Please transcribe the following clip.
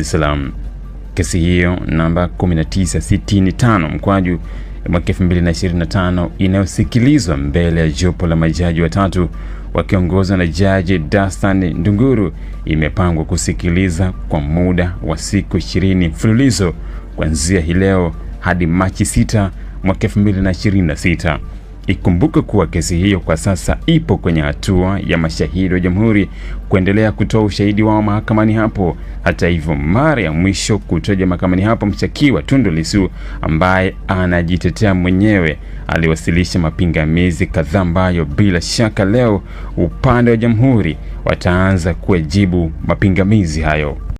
Salaam. Kesi hiyo namba 1965 mkwaju mwaka 2025 inayosikilizwa mbele ya jopo la majaji watatu wakiongozwa na Jaji Dastan Ndunguru imepangwa kusikiliza kwa muda wa siku 20 mfululizo kuanzia hii leo hadi Machi 6 mwaka 2026. Ikumbuke kuwa kesi hiyo kwa sasa ipo kwenye hatua ya mashahidi wa Jamhuri kuendelea kutoa ushahidi wao mahakamani hapo. Hata hivyo, mara ya mwisho kutoja mahakamani hapo, mshtakiwa Tundu Lissu ambaye anajitetea mwenyewe aliwasilisha mapingamizi kadhaa ambayo bila shaka leo upande wa Jamhuri wataanza kujibu mapingamizi hayo.